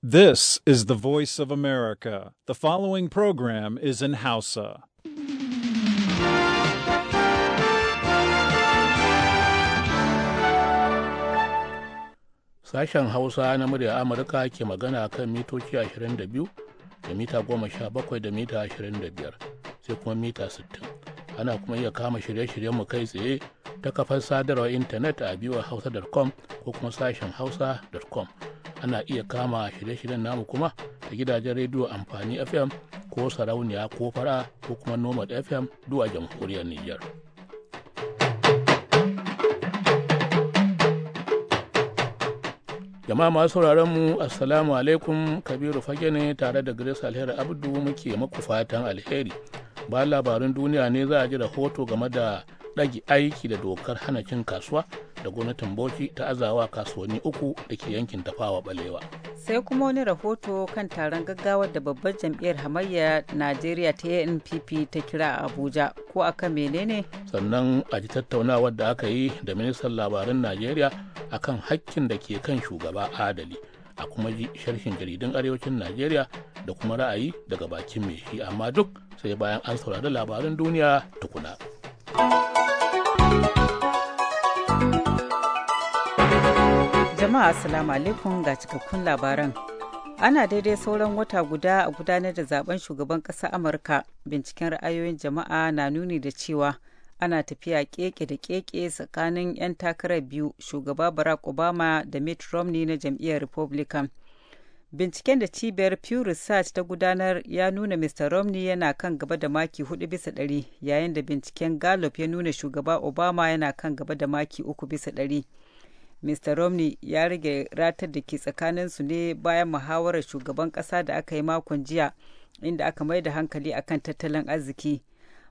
This is the voice of America. The following program is in Hausa. Sashen Hausa na murya Amurka ke magana kan mitoci 22 da mita 17 da mita 25 sai kuma mita 60. Ana kuma iya kama shirye shiryen mu kai tsaye ta kafar sadarwar intanet a biyuwar hausa.com ko kuma sashen hausa.com. ana iya kama shirye-shiryen namu kuma a gidajen rediyo amfani fm ko sarauniya ko fara ko kuma nomad fm duwa jamhuriyar niger jama'a masu sauraron mu assalamu alaikum kabiru fage ne tare da grace alheri abdu muke maku fatan alheri ba labarin duniya ne za a ji rahoto game da ɗage aiki da dokar hana cin kasuwa da gwamnatin bauchi ta azawa kasuwanni uku da ke yankin tafawa balewa sai kuma wani rahoto kan taron gaggawar da babbar jam'iyyar hamayya najeriya ta npp ta kira a abuja ko a menene sannan a ji tattaunawar da aka yi da ministan labaran najeriya akan hakkin da ke kan shugaba adali a kuma ji sharhin jaridun arewacin najeriya da kuma ra'ayi daga bakin mai shi amma duk sai bayan an saurari labaran duniya tukuna. thank you Jama'a Assalamu alaikum ga cikakkun labaran. Ana daidai sauran wata guda a gudanar da zaben shugaban ƙasa Amurka. Binciken ra'ayoyin jama'a na nuni da cewa ana tafiya keke da keke tsakanin 'yan takarar biyu shugaba Barack Obama da Mitt Romney na jam'iyyar Republican. Binciken da cibiyar Pew Research ta gudanar ya nuna Mr. Romney yana kan gaba da maki 4 bisa ɗari yayin da binciken Gallup ya nuna shugaba Obama yana kan gaba da maki 3 bisa ɗari. mr romney ya rage ratar da ke tsakaninsu ne bayan muhawarar shugaban ƙasa da aka yi makon jiya inda aka mai da hankali akan tattalin arziki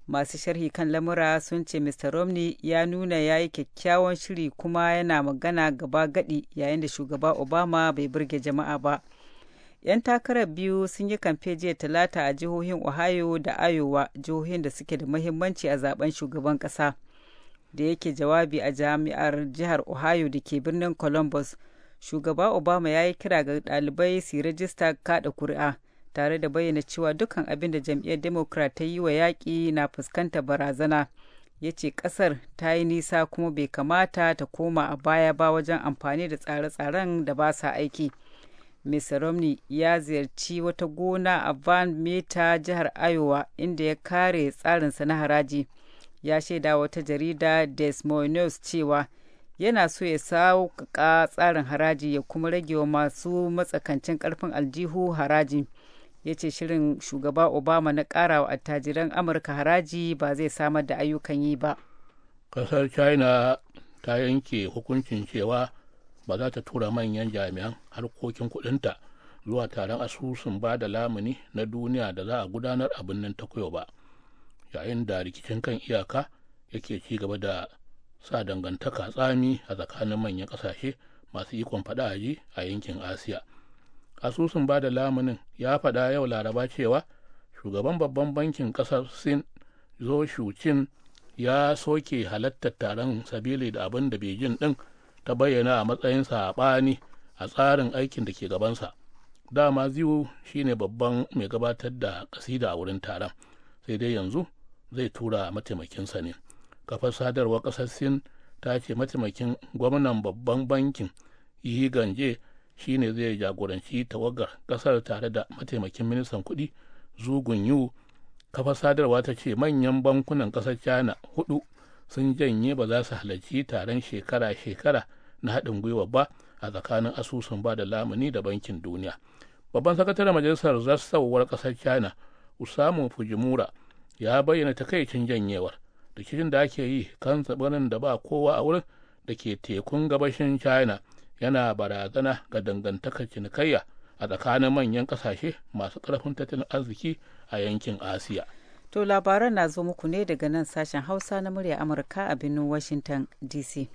masu sharhi kan lamura sun ce mr romney ya nuna ya yi kyakkyawan shiri kuma yana magana gaba gadi yayin da shugaba obama bai burge jama'a ba 'yan takarar biyu sun yi kamfe jiya talata a jihohin ohio da iowa jihohin da suke da muhimmanci a zaben shugaban kasa da yake jawabi a jami'ar jihar ohio da ke birnin columbus shugaba obama ya yi kira ga ɗalibai su rajista kaɗa kuri'a tare da bayyana cewa dukkan abin da jam'iyyar democrat ta yi wa yaƙi na fuskanta barazana ya ce ƙasar ta yi nisa kuma bai kamata ta koma a baya ba wajen amfani da tsare-tsaren da ba sa aiki mr romney ya ziyarci wata gona a van meta jihar iowa inda ya kare tsarinsa na haraji ya shaida wata jarida Des Moines cewa yana so ya sauƙaƙa tsarin haraji ya kuma rage wa masu matsakancin ƙarfin aljihu haraji. ya ce shirin shugaba obama na ƙara wa attajiran amurka haraji ba zai samar da ayyukan yi ba ƙasar china ta yanke hukuncin cewa ba za ta tura manyan jami'an harkokin kudinta zuwa taron asusun ba da lamuni na duniya da za a gudanar a ta takwayo ba yayin da rikicin kan iyaka yake ci gaba da sa dangantaka tsami a tsakanin manyan ƙasashe masu ikon faɗa a yankin asiya asusun ba da lamunin ya faɗa yau laraba cewa shugaban babban bankin ƙasar sin zo shucin ya soke halartar taron sabili da abin da beijing ɗin ta bayyana a matsayin saɓani a tsarin aikin da ke gabansa dama ziwu shine babban mai gabatar da kasida a wurin taron sai dai yanzu zai tura mataimakinsa ne kafar sadarwar ƙasar sin ta ce mataimakin gwamnan babban bankin yi ganje shine zai jagoranci tawagar ƙasar tare da mataimakin ministan kuɗi zugun yu kafar sadarwa ta ce manyan bankunan ƙasar china hudu sun janye ba za su halarci taron shekara-shekara na haɗin gwiwa ba a tsakanin asusun ba da lamuni da bankin duniya babban sakataren majalisar zassauwar ƙasar china usamu fujimura ya bayyana takaicin janyewar rikicin da ake yi kan tsibirin da ba kowa a wurin da ke tekun gabashin china yana barazana ga dangantakar cinikayya a tsakanin manyan kasashe masu ƙarfin tattalin arziki a yankin asiya to labaran na zo muku ne daga nan sashen hausa na murya amurka a birnin washington dc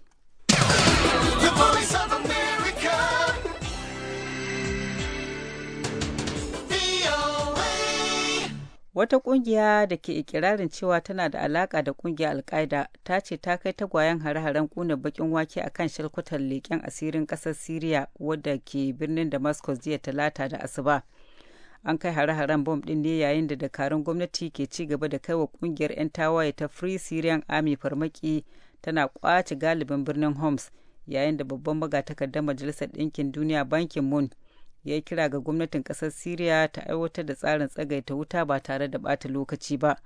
wata ƙungiya da ke ikirarin cewa tana da alaƙa da kungiyar alkaida ta ce ta kai tagwayen hare-haren kuna bakin wake a kan shalkutan leƙen asirin ƙasar syria wadda ke birnin damascus jiya talata da asuba an kai hare-haren bom ɗin ne yayin da dakarun gwamnati ke ci gaba da wa ƙungiyar 'yan tawaye ta free syrian army farmaki tana ƙwace galibin birnin homs yayin da babban magatakardar majalisar ɗinkin duniya bankin moon ya kira ga gwamnatin kasar Siriya ta aiwatar da tsarin tsagaita wuta ba tare da bata lokaci ba.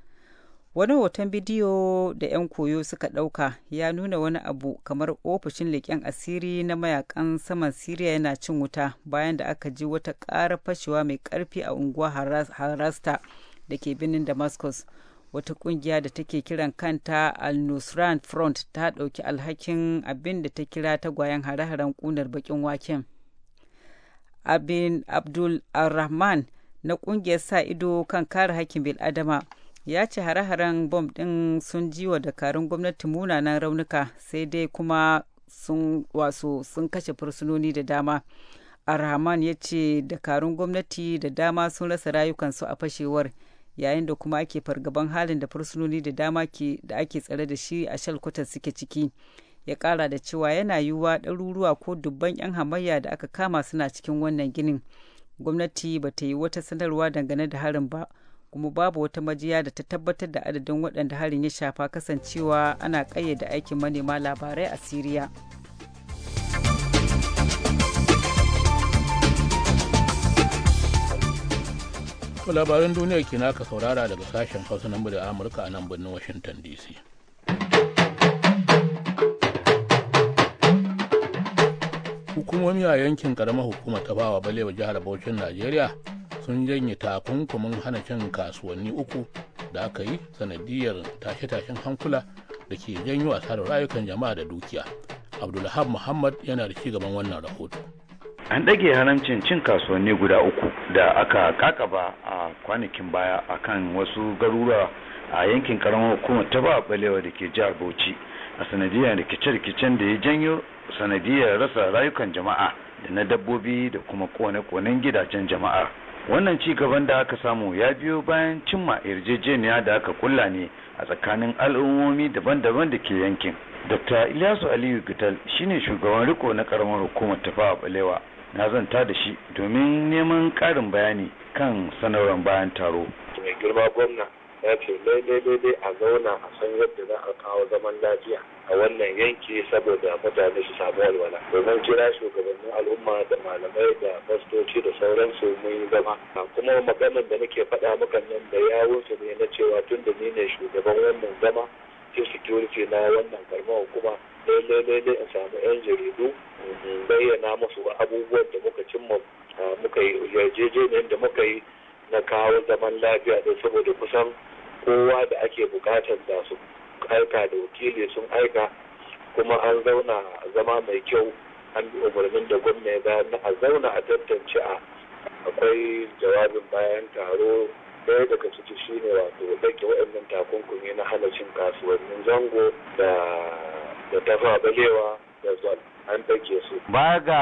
Wani hoton bidiyo da 'yan koyo suka ɗauka ya nuna wani abu kamar ofishin leƙen asiri na mayakan saman Siriya yana cin wuta bayan da aka ji wata ƙara fashewa mai ƙarfi a unguwa Harasta da ke birnin Damascus. Wata ƙungiya da take kiran kanta Al-Nusran Front ta ɗauki alhakin abin da ta kira tagwayen hare-haren ƙunar baƙin waken. abin abdul arrahman na kungiyar sa ido kan kare hakkin bil'adama ya ce hare-haren bom ɗin sun ji wa dakarun gwamnati munanan raunuka sai dai kuma sun waso sun kashe fursunoni da dama arhaman ya ce dakarun gwamnati da dama sun rasa rayukansu a fashewar yayin da kuma ake fargaban halin da fursunoni da dama da ake tsare da shi a shalkwatar suke ciki ya kara da cewa yana yiwuwa ɗaruruwa ko dubban 'yan hamayya da aka kama suna cikin wannan ginin gwamnati ba ta yi wata sanarwa dangane da harin ba kuma babu wata majiya da ta tabbatar da adadin waɗanda harin ya shafa kasancewa ana ƙayyade aikin manema labarai a siriya labaran duniya ke naka saurara daga sashen hausa na amurka a nan birnin washington dc hukumomi a yankin karamar hukumar ta bawa balewa jihar Bauchin Najeriya sun janye takunkumin hana cin kasuwanni uku da aka yi sanadiyar tashe-tashen hankula da ke janyo asarar rayukan jama'a da dukiya. Abdulhab Muhammad yana da ci gaban wannan rahoto. An ɗage haramcin cin kasuwanni guda uku da aka kakaba a kwanakin baya akan wasu garuruwa a yankin karamar hukumar ta ba balewa da ke jihar Bauchi a sanadiyar rikice-rikicen da ya janyo sanadiyar rasa rayukan jama'a da na dabbobi da kuma kone-konen gidajen jama'a wannan ci gaban da aka samu ya biyo bayan cimma yarjejeniya da aka kulla ne a tsakanin al'ummomi daban-daban da ke yankin dr ilyasu aliyu gital shine shugaban riko na karamar hukumar tafa a balewa na zanta da shi domin neman karin bayani kan sanarwar bayan taro mai girma gwamna ya ce lai a zauna a san yadda za a kawo zaman lafiya a wannan yanki saboda mutane su samu walwala domin kira shugabannin al'umma da malamai da fastoci da sauransu mun yi zama kuma maganar da nake faɗa maka nan da su ne na cewa tun da ni ne shugaban wannan zama security na wannan karamar hukuma lallai lallai in samu yan jaridu bayyana musu abubuwan da muka cimma muka yi yarjejeniyar da muka yi na kawo zaman lafiya da saboda kusan kowa da ake bukatar da su aika da wakili sun aika kuma an zauna zama mai kyau an bi umarnin da gwamna ya na a zauna a tantance a akwai jawabin bayan taro daya daga ciki shine wato dake waɗannan takunkumi na hana kasuwannin zango da da tafa balewa da zal an dake su. Baya ga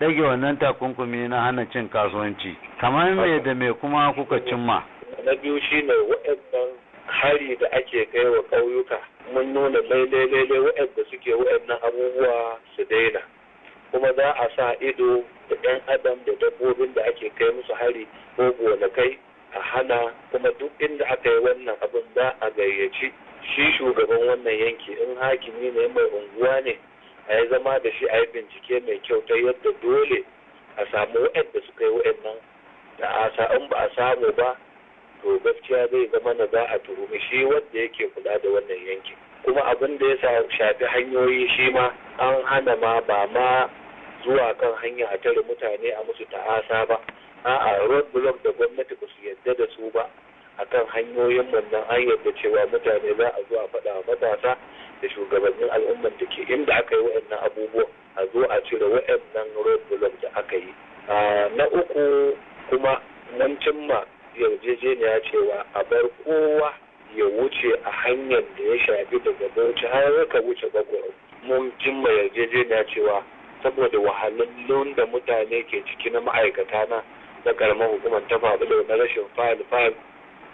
ɗage wannan takunkumi na hana cin kasuwanci kamar me da me kuma kuka cimma. Na biyu shine waɗannan hari da ake kai wa ƙauyuka mun nuna daidai daidai waɗanda suke waɗannan abubuwa su daina kuma za a sa ido da ɗan adam da dabbobin da ake kai musu hari ko gonakai a hana kuma duk inda aka yi wannan abin za a gayyaci shi shugaban wannan yanki in hakimi ne mai unguwa ne a yi zama da shi a yi bincike mai kyau ta yadda dole a samu waɗanda suka yi waɗannan da a in ba a samu ba to gaskiya zai zama na za a tuhumi shi wanda yake kula da wannan yankin kuma abin da ya shafi hanyoyi shi ma an hana ma ba ma zuwa kan hanya a tare mutane a musu ta'asa ba a'a road block da gwamnati ba su yarda da su ba akan hanyoyin wannan an yadda cewa mutane za a zo a faɗa wa matasa da shugabannin al'umman da ke inda aka yi wa'annan abubuwa a zo a cire wa'annan road block da aka yi na uku kuma mun cimma yarjejeniya cewa a bar kowa ya wuce a hanyar da ya shafi daga bauchi har ka wuce bagwaro mun jimma yarjejeniya cewa saboda wahalallun da mutane ke ciki na ma'aikata na na karamar hukumar ta faɗi da na rashin fayil fayil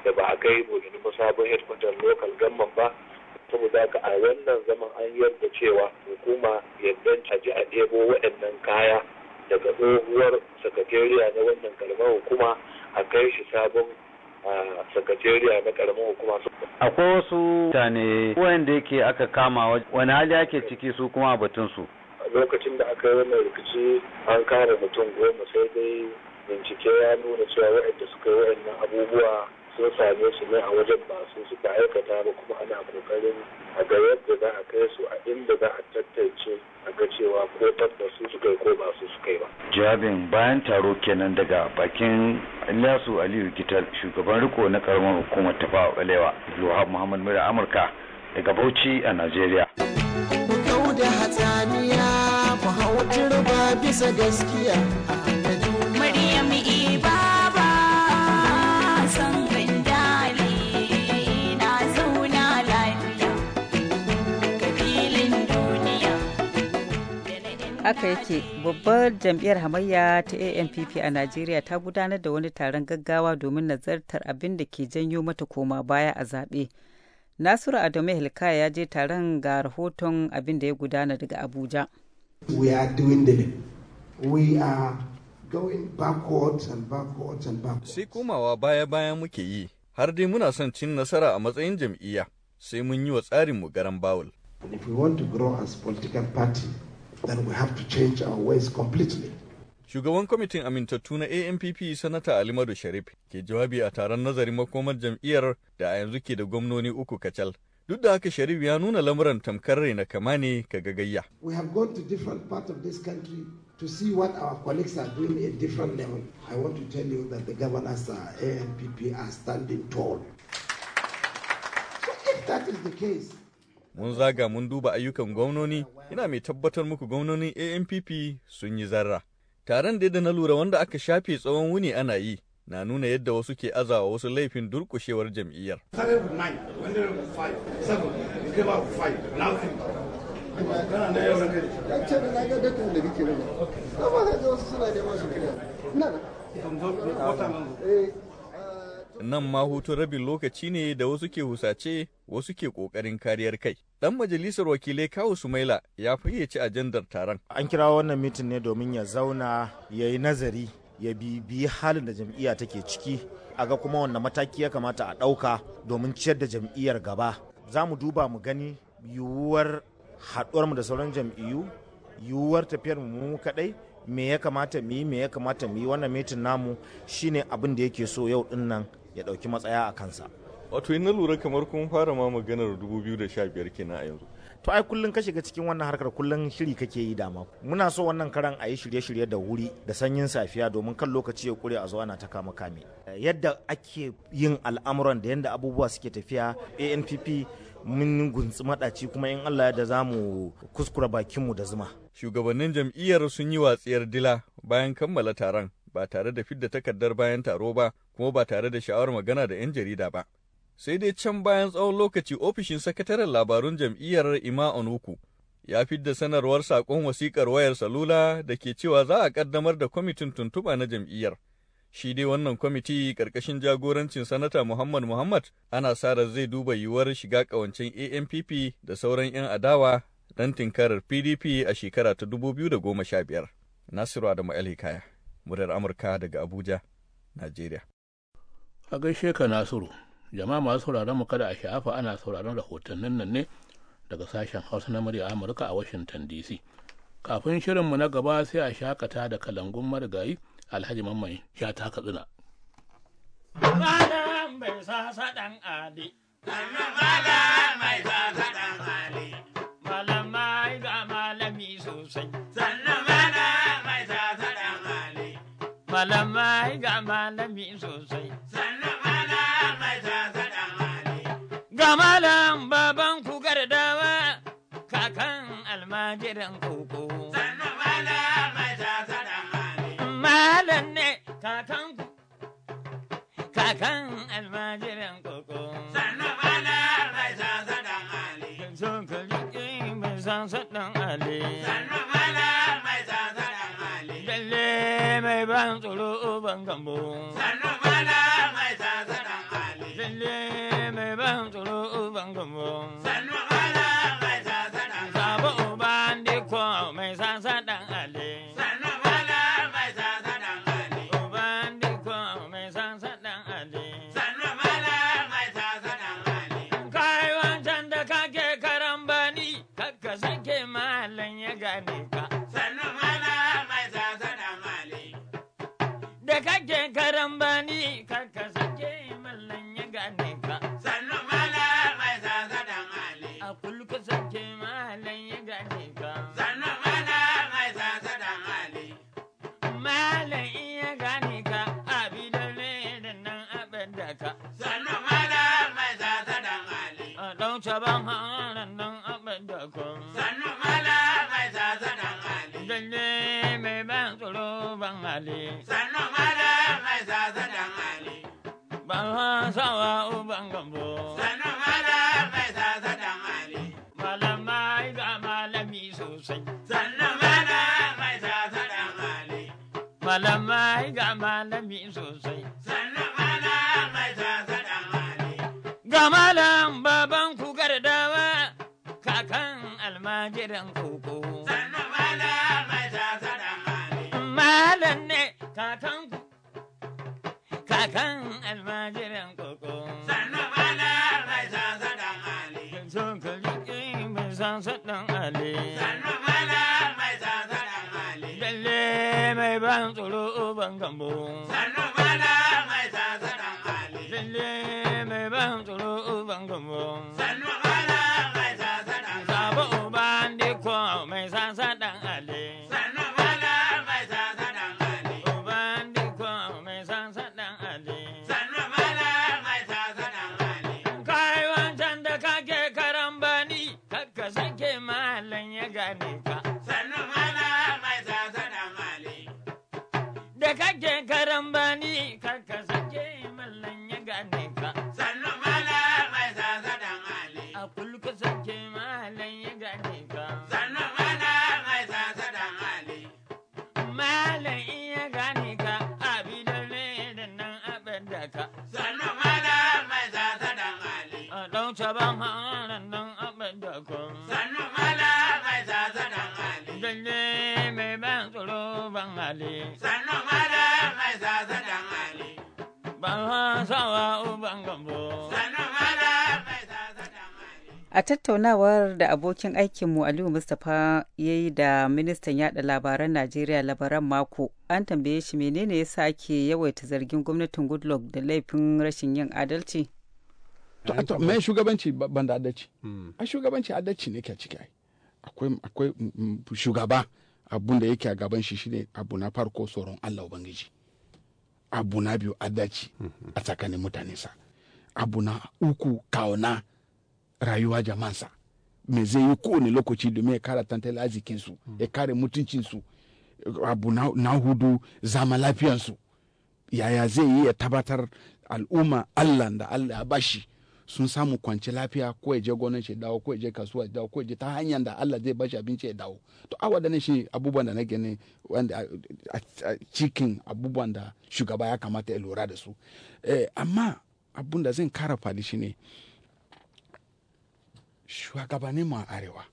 da ba a kai bogini ba sabon headquarter local gamman ba saboda ka a wannan zaman an yarda cewa hukuma yadda ta ji a ɗebo waɗannan kaya daga tsohuwar sakatariya na wannan karamar hukuma a kai shi sabon sakatariya na karamar hukuma. Akwai wasu mutane wanda yake aka kama wani hali ake ciki su kuma batun su. Lokacin da aka yi wannan rikici an kare mutum goma sai dai bincike ya nuna cewa waɗanda suka yi waɗannan abubuwa sun same su ne a wajen ba su suka aikata ba kuma ana kokarin a ga yadda za a kai su a inda za a tattace a ga cewa ko tabbas su suka ko ba su suka yi ba. Jabin bayan taro kenan daga bakin lasu Aliyu Gital shugaban riko na karamar hukumar tafa balewa Yohab Muhammad Mura Amurka daga Bauchi a Najeriya. Kau da hatsaniya ku hau bisa gaskiya. haka yake babbar jam'iyyar hamayya ta ampp a najeriya ta gudanar da wani taron gaggawa domin nazartar abin da ke janyo mata koma baya a zaɓe nasiru adamu hilkaya ya je taron ga rahoton abin da ya gudana daga abuja we are going backwards and backwards and backwards sai komawa baya-baya muke yi har dai muna son cin nasara a matsayin jam'iyya sai mun yi wa tsarinmu garan bawul if we political party then we have to change our ways completely. Shugaban kwamitin amintattu na ANPP Sanata Alimadu Sharif ke jawabi a taron nazarin makomar jam'iyyar da a yanzu ke da gwamnoni uku kacal. Duk da haka Sharif ya nuna lamuran tamkar na kama ne ka gagayya. We have gone to different parts of this country to see what our colleagues are doing at different level. I want to tell you that the governors of AMPP are standing tall. So if that is the case, mun zaga mun duba ayyukan gwamnoni ina mai tabbatar muku gwamnonin ANPP sun yi zarra. Taron da na lura wanda aka shafe tsawon wuni ana yi na nuna yadda wasu ke azawa wasu laifin durkushewar jam'iyyar. nan ma hutun rabin lokaci ne da wasu ke husace wasu ke ƙoƙarin kariyar kai. Dan majalisar wakilai Kawu Sumaila ya fayyace ajandar taron. An kira wannan mitin ne domin ya zauna ya yi nazari ya bibi halin da jam'iyya take ciki a ga kuma wannan mataki ya kamata a ɗauka domin ciyar da jam'iyyar gaba. Za mu duba mu gani yiwuwar mu da sauran jam'iyyu yiwuwar tafiyar mu kaɗai me ya kamata mu yi me ya kamata mu yi wannan mitin namu shine abin da yake so yau din nan ya ɗauki matsaya a kansa wato na lura kamar kun fara ma maganar 2015 kenan a yanzu to ai kullum ka shiga cikin wannan harkar kullum shiri kake yi dama muna so wannan karan a yi shirye-shirye da wuri da sanyin safiya domin kan lokaci ya kure a zo ana ta kama kame yadda ake yin al'amuran da yadda abubuwa suke tafiya anpp mun gunsu madaci kuma in allah da za mu kuskura bakinmu da zuma shugabannin jam'iyyar sun yi watsiyar dila bayan kammala taron ba tare da fidda takardar bayan taro ba kuma ba tare da sha'awar magana da 'yan jarida ba. Sai dai can bayan tsawon lokaci ofishin sakataren labarun jam'iyyar Ima Onuku ya fidda sanarwar saƙon wasiƙar wayar salula da ke cewa za a ƙaddamar da kwamitin tuntuɓa na jam'iyyar. Shi dai wannan kwamiti ƙarƙashin jagorancin sanata Muhammad Muhammad ana sa zai duba yiwuwar shiga ƙawancen ANPP da sauran 'yan adawa don tinkarar PDP a shekara ta 2015. Nasiru Adamu Alhikaya. muryar amurka daga abuja najeriya a gaishe ka nasiru jama'a masu sauraron mu kada a sha'afa ana sauraron rahotannin nan ne daga sashen hausa na murya amurka a washington dc kafin shirin mu na gaba sai a shakata da kalangun marigayi alhaji mamman ya ta katsina Malam mai sasa ɗan Ali. Malam mai sasa malami sosai. Ga malam baban ku gardawa kakan almajirin koko. malam ne kakan ku. Kakan almajirin koko. Sannan malam mai zan mali. Sun ka mai mai ban tsoro ban gambo. Sannu mala mai sasaɗan Ali. Lalle mai ban tsoro ban gambo. Sannu malamai ga malami sosai. Gamalan baban ku gardawa, kakan almajiran koko. Malan ne kakan ku, kakan almajiran koko. Sannan ana mai zan zazaɗa Ali. Sun kuri mai zan mali. Sannan mai ban tsoro ban gambo. Sannu mana mai sasaran ali. Lalle mai ban tsoro ban gambo. Sannu mana mai sasaran ali. Sabo uban diko mai sasaran ali. Sannu mana mai Uban mai Sannu mai da kake karambani, kakka sake malam ya gane ka. dan bani karka sake mallan ya gane ka. Sannu mala mai zazadan Ali. A kulka sake mallan ya gane ka. Sannu mala mai zaza zazadan Ali. Mallan iya gane ka abidan ne da nan a da ka. Sannu mala mai zazadan Ali. A ɗan shaban hannun nan abin da ka. Sannu mala mai zazadan Ali. Dalle mai ban tsoro ban Ali. Sannu mala A tattaunawar da abokin aikinmu Aliyu Mustapha ya yi da ministan yaɗa labaran Najeriya labaran mako, an tambaye shi menene ya sake yawaita zargin gwamnatin Goodluck da laifin rashin yin adalci? Mai shugabanci ban da adalci. Hmm. A shugabanci adalci ne ke ciki Akwai mm, mm, shugaba abun da yake a gaban shi shine abu na farko tsoron Allah Ubangiji. abu na biyu daci mhm. a tsakanin mutanensa abu na uku kauna rayuwa jamansa me zai yi kowane lokaci domin ya kara tantalin arzikinsu mhm. ya kare mutuncinsu abu na hudu zama lafiyansu yaya zai yi ya tabbatar al'umma allah da allah ya bashi sun samu kwanci lafiya ko ya je gonan shi dawo ko ya je kasuwa dawo ko ya je ta hanyar da Allah zai bashi abinci ya dawo to a wadannan shi abubuwan da na gani wanda a cikin abubuwan da shugaba ya kamata ya lura da su eh, amma abun da zan kara fadi shi ne shugabanni ma arewa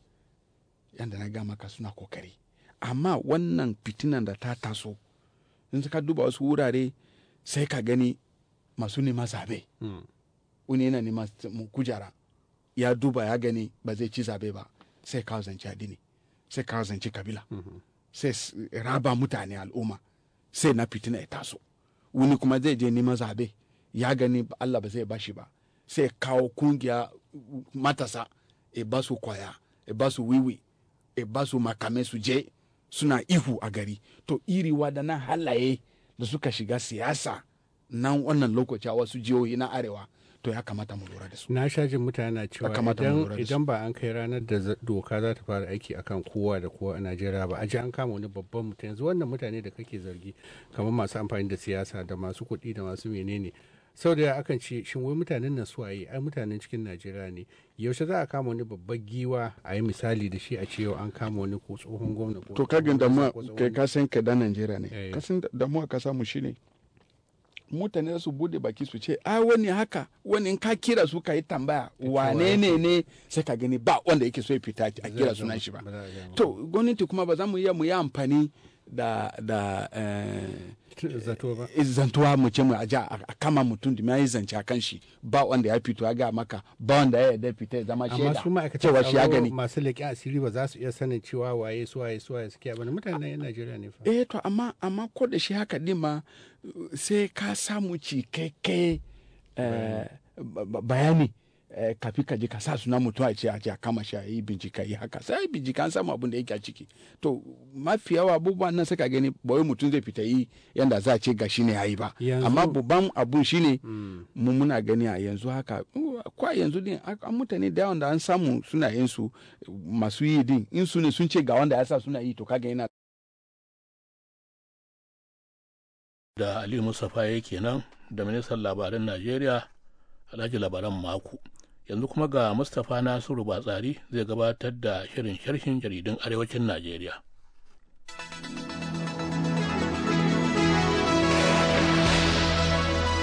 yadda na gama ka suna kokari amma wannan fitinan da ta taso in suka duba wasu wurare sai ka gani masu nema zabe hmm. wani yana neman kujara ya duba ya gani ba zai ci zabe ba sai kawo zance addini sai kawo zance kabila mhm. sai raba mutane al'umma sai na fitina ya taso wani kuma zai je neman zabe ya gani Allah ba zai bashi ba sai kawo kungiya matasa e ba su kwaya e ba su wiwi e ba su makame su je suna ihu a gari to iri wadannan halaye da suka shiga siyasa nan wannan lokaci a wasu jihohi na arewa to ya kamata mu lura da su na sha jin mutane na cewa idan ba an kai ranar da doka za ta fara aiki akan kowa da kowa a Najeriya ba a ji an kama wani babban mutum yanzu wannan mutane da kake zargi kamar masu amfani da siyasa da masu kuɗi da masu menene sau da akan ce shin wai mutanen nan suwaye ai mutanen cikin najeriya ne yaushe za a kama wani babban giwa a yi misali da shi a ce yau an kama wani ko tsohon gwamna to kagin damuwa kai ka san ka da najeriya ne eh. ka san damuwa ka samu shi ne mutane su bude baki su ce ai wani haka wani ka kira su ka yi tambaya wane ne ne sai ka gani ba wanda yake so ya fita a kira sunan shi ba to gwamnati kuma ba za mu iya mu yi amfani da da eh, eh, zantuwa mu ce mu aja a kama mutum da mai zance a kan shi ba wanda ya fito ya ga maka ba wanda ya yarda fita ya zama shaida amma su ma'aikatan shi ya gani masu leƙi asiri ba za su iya sanin cewa waye su waye su waye suke ba mutanen yan Najeriya ne fa eh to amma amma ko da shi haka din ma eh, sai ka samu cikakke bayani eh, kafi ka je ka sa suna mutum a ce a a kama shi a yi bincika yi haka sai bincika an samu abin da yake a ciki to mafi yawa abubuwan nan saka gani bawai mutum zai fita yi yanda za a ce ga shi ne ya yi ba amma babban abun shi ne hmm. mu muna gani a yanzu haka kwa yanzu din an mutane da yawan da an samu suna yin su masu yi din in su ne sun ce ga wanda ya sa suna yi to kaga yana da aliyu mustapha yake nan da ministan labaran najeriya alhaji labaran mako yanzu kuma ga mustapha nasiru batsari zai gabatar da shirin sharhin jaridun arewacin najeriya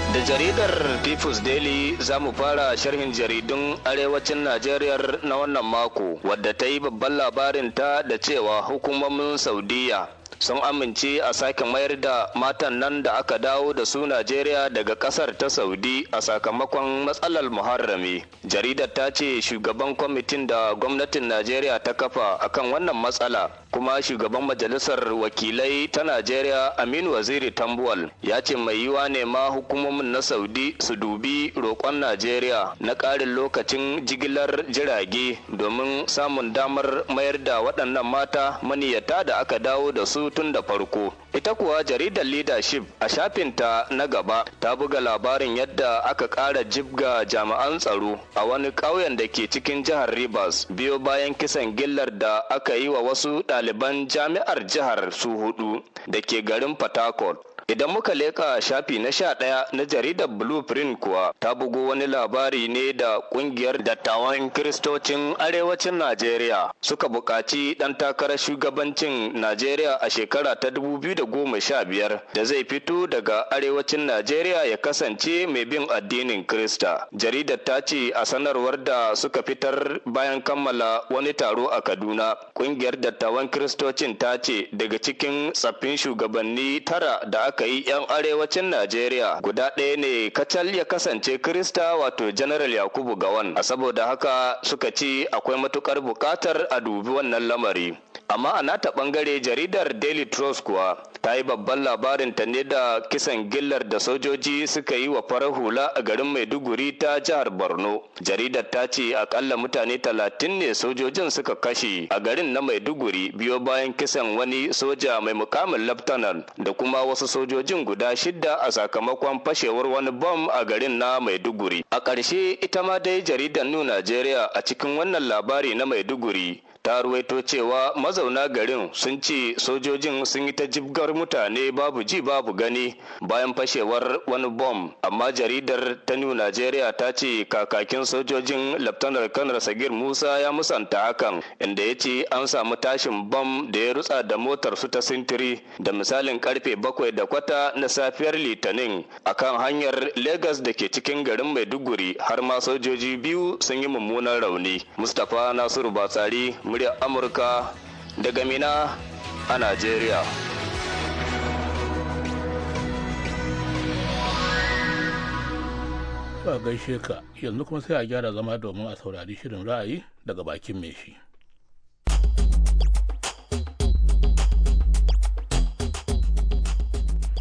Da jaridar People's Daily za mu fara sharhin jaridun arewacin Najeriya na wannan mako, wadda ta yi babban labarin ta da cewa hukumomin Saudiya sun amince a sake mayar da matan nan da aka dawo da su Najeriya daga kasar ta Saudi a sakamakon matsalar muharrami. Jaridar ta ce shugaban kwamitin da gwamnatin Najeriya ta kafa akan wannan matsala kuma shugaban majalisar wakilai ta najeriya aminu waziri tambuwal ya ce mai yiwa ne ma hukumomin na saudi su dubi roƙon najeriya na ƙarin lokacin jigilar jirage domin samun damar mayar da waɗannan mata maniyyata da aka dawo da su tun da farko Ita kuwa jaridar leadership a shafinta na gaba ta buga labarin yadda aka ƙara jibga jami'an tsaro a wani ƙauyen da ke cikin jihar Rivers biyo bayan kisan gillar da aka yi wa wasu ɗaliban jami'ar jihar su hudu da ke garin Fatakol Idan muka leka shafi na sha ɗaya na jaridar Blueprint kuwa ta bugu wani labari ne da ƙungiyar dattawan Kiristocin Arewacin Najeriya suka buƙaci ɗan takarar shugabancin Najeriya a shekara ta 2015 da zai fito daga Arewacin Najeriya ya kasance mai bin addinin Kirista. Jaridar ta ce a sanarwar da suka fitar bayan kammala wani taro a Kaduna, ƙungiyar dattawan Kiristocin ta ce daga cikin tsaffin shugabanni tara da aka aka yi 'yan arewacin Najeriya guda ɗaya ne kacal ya kasance Kirista wato General Yakubu Gawan. A saboda haka suka ci akwai matukar buƙatar a dubi wannan lamari. Amma a nata ɓangare jaridar Daily Trust kuwa ta yi babban labarin ta ne da kisan gillar da sojoji suka yi wa farar hula a garin maiduguri ta jihar borno jaridar ta ce akalla mutane talatin ne sojojin suka kashe a garin na maiduguri biyo bayan kisan wani soja mai mukamin laftanar da kuma wasu sojojin guda shidda a sakamakon fashewar wani bom a garin na maiduguri a ƙarshe ita ma dai jaridar new najeriya a cikin wannan labari na maiduguri ta ruwaito cewa mazauna garin sun ce sojojin sun yi ta jibgar mutane babu ji babu gani bayan fashewar wani bom amma jaridar ta new nigeria ta ce kakakin sojojin laftanar kanar sagir musa ya musanta hakan inda ya ce an samu tashin bom da ya rutsa da motar su ta sintiri da misalin karfe bakwai da kwata na safiyar litinin akan hanyar Legas da ke cikin garin maiduguri har ma sojoji biyu sun yi mummunan rauni mustapha nasiru batsari muryar amurka daga mina a nigeria. ba gaishe ka yanzu kuma sai a gyara zama domin a saurari shirin ra'ayi daga bakin mai shi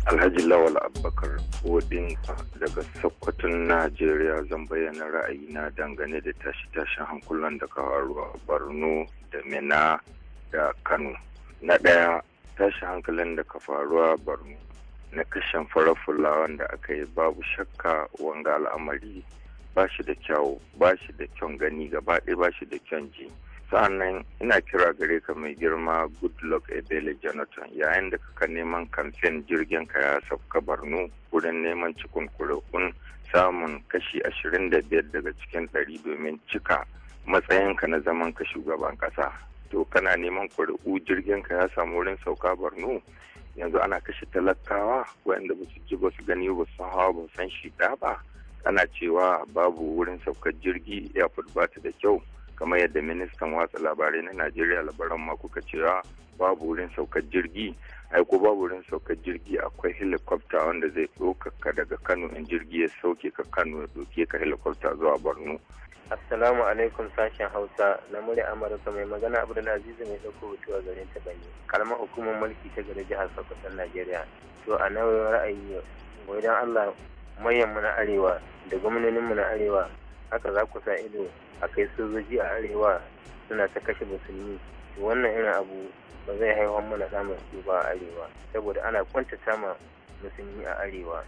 Alhaji Lawal Abubakar Odin daga Sokoton Najeriya zan bayyana ra'ayi na dangane da tashi-tashin hankulan da a Borno da Mina da Kano. Na ɗaya tashi hankalin da ka a Borno na kashen farar fulawan da aka yi babu shakka wanga al'amari ba shi da kyau ba shi da kyan gani gaba ɗaya ba shi da kyan ji. sannan ina kira gare ka mai girma goodluck ebele jonathan yayin da kaka neman kamfen jirgin ka ya sauka barnu wurin neman cikin kuri'un samun kashi 25 daga cikin 100 domin cika matsayinka na zaman ka shugaban kasa to kana neman kuri'u jirgin ka ya samu wurin sauka barnu yanzu ana kashe talakawa wayanda ba su ji ba su gani ba su hawa ba san shi ba ana cewa babu wurin saukar jirgi ya ba ta da kyau kamar yadda ministan watsa labarai na najeriya labaran ma kuka cewa babu wurin saukar jirgi aiko ko babu wurin saukar jirgi akwai helikofta wanda zai ɗaukaka daga kano in jirgi ya sauke ka kano ya ɗauke ka helikwafta zuwa borno assalamu alaikum sashen hausa na murya amurka mai magana abdulaziz mai ɗauko hoto a garin ta bane kalmar hukumar mulki ta garin jihar sokoto najeriya to a nawa ra'ayi wajen allah mayan na arewa da gwamnonin mu na arewa haka za ku sa ido a kai sojoji a arewa suna ta kashe musulmi wannan irin abu ba zai haifar mana samun su ba a arewa saboda ana kwantata ma musulmi a arewa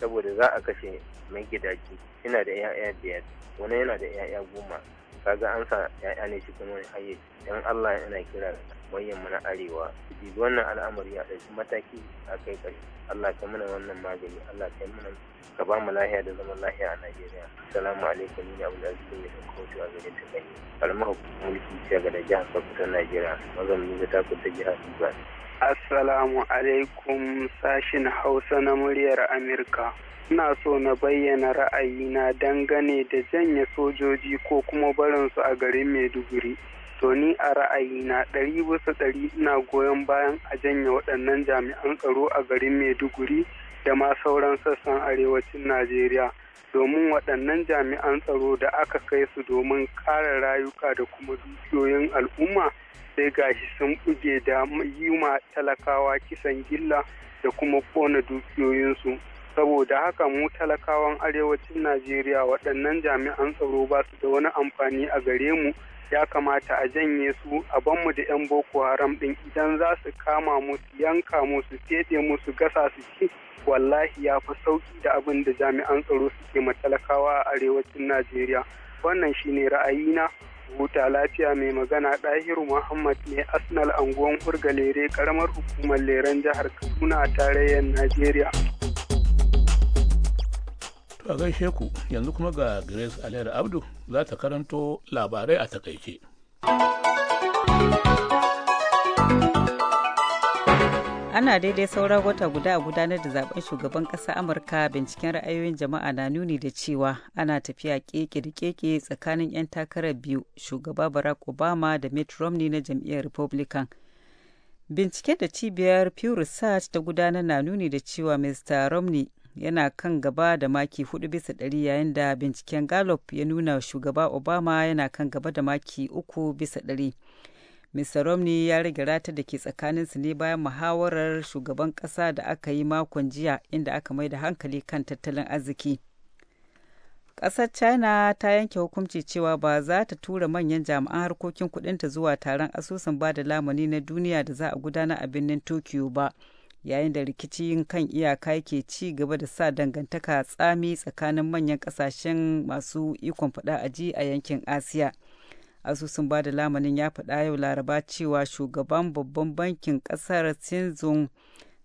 saboda za a kashe mai gidaje yana da 'ya'ya biyar wani yana da 'ya'ya goma kaga an sa 'ya'ya ne cikin wani hayyaci don allah yana kira bayyana na arewa su wannan al'amari ya ɗauki mataki a kai ƙarshe allah ka mana wannan magani allah ka mana ka ba mu lahiya da zaman lahiya a najeriya assalamu alaikum ni abu da yi mai kotu a gare ta kai kalmar mulki ce ga da jihar sokoto najeriya mazamin da ta kuta jihar dubai assalamu alaikum sashin hausa na muryar amurka ina so na bayyana ra'ayina dangane da janye sojoji ko kuma barinsu a garin maiduguri to ni a ra'ayina ɗari bisa ɗari ina goyon bayan a janye waɗannan jami'an tsaro a garin maiduguri da ma sauran sassan arewacin najeriya domin waɗannan jami'an tsaro da aka kai su domin kare rayuka da kuma dukiyoyin al'umma sai gashi sun buge da yi ma talakawa kisan gilla da kuma kona dukiyoyinsu saboda haka mu talakawan arewacin najeriya waɗannan jami'an tsaro ba su da wani amfani a gare mu ya kamata a janye su a banmu da 'yan boko haram ɗin idan za su kama mu su yanka mu su feɗe mu su gasa su ci wallahi ya fi sauki da abin da jami'an tsaro suke matalakawa a arewacin najeriya wannan shine ra'ayina huta lafiya mai magana ɗahiru muhammad ne asnal anguwan hurgalere karamar hukumar leren jihar kaduna a tarayyar najeriya a gaishe ku yanzu kuma ga grace alera abdu za ta karanto labarai a takaice ana daidai saura wata guda a gudanar da zaben shugaban kasa amurka binciken ra'ayoyin jama'a na nuni da cewa ana tafiya keke da keke tsakanin 'yan takarar biyu shugaba barack obama da mitt romney na jam'iyyar republican bincike da cibiyar pew research ta gudanar na nuni da cewa mr romney yana kan gaba da maki 4 bisa ɗari yayin da binciken Gallup ya nuna shugaba Obama yana kan gaba da maki 3 bisa ɗari. Mr. Romney ya rage rata da ke tsakaninsu ne bayan muhawarar shugaban ƙasa da aka yi makon jiya inda aka mai da hankali kan tattalin arziki. Ƙasar China ta yanke hukunci cewa ba za ta tura manyan jami'an harkokin kuɗinta zuwa taron asusun ba da lamuni na duniya da za a gudana a birnin Tokyo ba. yayin da rikicin kan iyaka ke ci gaba da sa dangantaka tsami tsakanin manyan kasashen masu ikon faɗa a ji a yankin asiya asusun ba da lamanin ya faɗa yau laraba cewa shugaban babban bankin ƙasar sinzon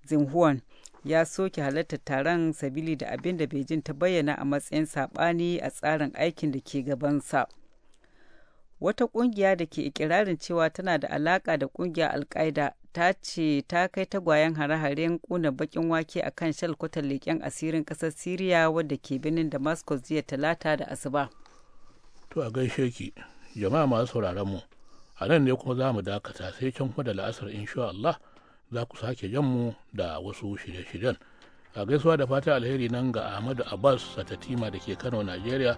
zinhuan ya soke halartar taron sabili da abin da beijing ta bayyana a matsayin saɓani a tsarin aikin da ke gabansa wata ƙungiya da ke ikirarin cewa tana da alaƙa da ƙungiyar alƙaida ta ce ta kai tagwayen hare-haren kuna bakin wake a kan shalkwatar leƙen asirin ƙasar siriya wadda ke binin damascus jiya talata da asuba to a gaishe ki jama'a masu sauraron mu a nan ne kuma za mu dakata sai can kuma da la'asar insha Allah za ku sake jan mu da wasu shirye-shiryen a gaisuwa da fata alheri nan ga ahmadu abbas satatima da ke kano nigeria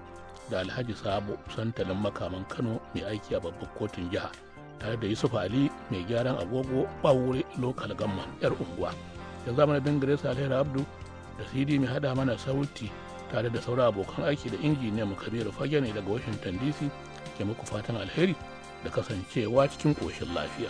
da alhaji sabo santalin makaman kano mai aiki a babban kotun jiha tare da yusuf ali mai gyaran agogo ɓaure lokal gamman yar unguwa yanzu mana bin gare salihu abdu da cd mai hada mana sauti tare da sauran abokan aiki da injiniya mu kabiru fage ne daga washington dc ke muku fatan alheri da kasancewa cikin koshin lafiya